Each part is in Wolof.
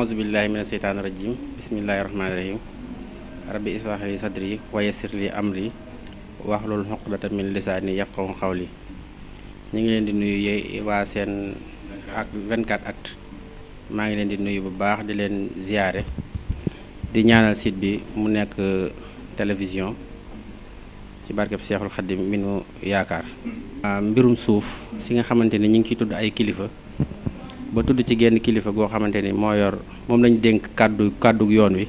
aouzu billahi mina sheytaani rajim bismillahi rahmaani rahim rabbi israh li sadri wa yassir li amri waxlul xoqdata min lisaani yafqahu xawli ñu ngi leen di nuyu yooyu waa seen ak 24 actu maa ngi leen di nuyu bu baax di leen ziyaare di ñaanal siit bi mu nekk télévision ci barkeb Seexul Xaddim mi nu yaakaar mbirum suuf si nga xamante ni ñu ngi ciy tudd ay kilifa ba tudd ci genn kilifa goo xamante ni moo yor moom lañ dénk kàddu kàddu yoon wi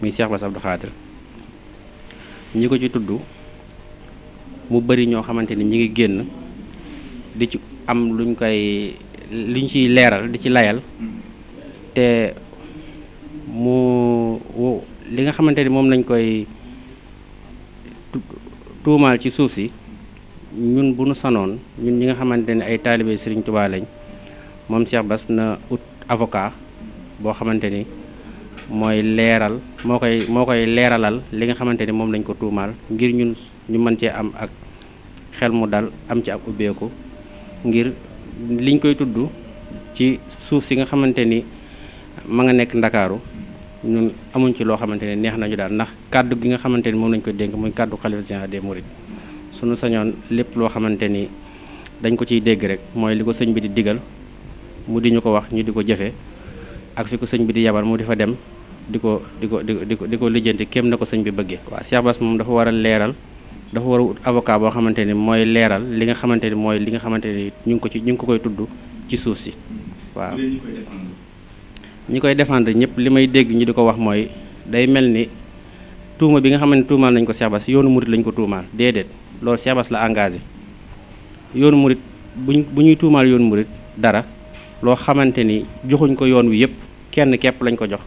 muy Cheikh Bass Abdou Khadre ñi ko ci tudd mu bari ñoo xamante ni ñi ngi génn di ci am luñ koy luñ ciy leeral di ci layal te mu li nga xamante ni moom lañ koy tuumaal ci suuf si ñun bu nu sanoon ñun ñi nga xamante ni ay taalibe Sëriñ Tuubaa lañ moom Cheikh bas na ut avocat boo xamante ni mooy leeral moo koy moo koy leeralal li nga xamante ni moom lañ ko tuumaal ngir ñun ñu mën cee am ak xel mu dal am ci ak ubbeeku ngir liñ koy tudd ci suuf si nga xamante ni ma nga nekk ndakaaru ñun amuñ ci loo xamante ne neex nañu daal ndax kàddu gi nga xamante ni moom lañ ko dénk muy kàddu xalifa général des mourides suñu sañoon lépp loo xamante ni dañ ko ciy dégg rek mooy li ko sëñ bi di digal mu di ñu ko wax ñu di ko jëfee ak fi ko sëñ bi di yabal mu di fa dem di ko di ko di ko di ko lijjanti kéem na ko sëñ bi bëggee waaw Cheikh moom dafa war a leeral dafa war a wut avocat boo xamante ni mooy leeral li nga xamante ni mooy li nga xamante ni ñu ngi ko ci ñu ko koy tudd ci suuf si waaw ñi koy défendre ñëpp li may dégg ñu di ko wax mooy day mel ni tuuma bi nga xam ne tuumaal nañ ko Cheikh Bass yoonu murit lañ ko tuumaal déedéet loolu Cheikh la engagé yoonu murit buñ tuumaal yoonu murit dara loo xamante ni joxuñ ko yoon wi yëpp kenn képp lañ ko jox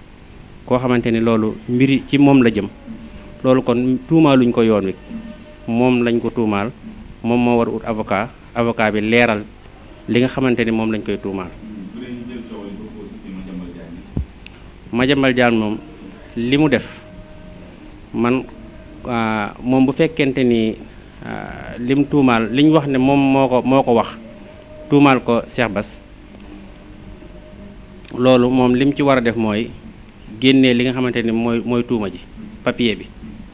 koo xamante ni loolu mbiri ci moom la jëm loolu kon tuumaaluñ ko yoon wi moom lañ ko tuumaal moom moo war a ut bi leeral li nga xamante ni moom lañ koy tuumaal. Madiambal Diagne moom li mu def man ah, moom bu fekkente ni ah, lim tuumaal liñ wax ne moom moo ko moo ko wax tuumaal ko Cheikh Bass loolu moom lim ci war a def mooy génnee li nga xamante ni mooy mooy tuuma ji papier bi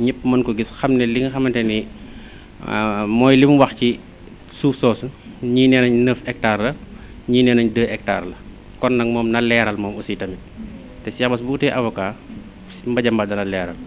ñëpp mën ko gis xam ne li nga xamante ni euh, mooy li mu wax ci suuf soosu ñii nee nañ 9 hectares la ñii nee nañ 2 hectares la kon nag moom na leeral moom aussi tamit te Cheikh Bass bu utee avocat mbajamba dana leeral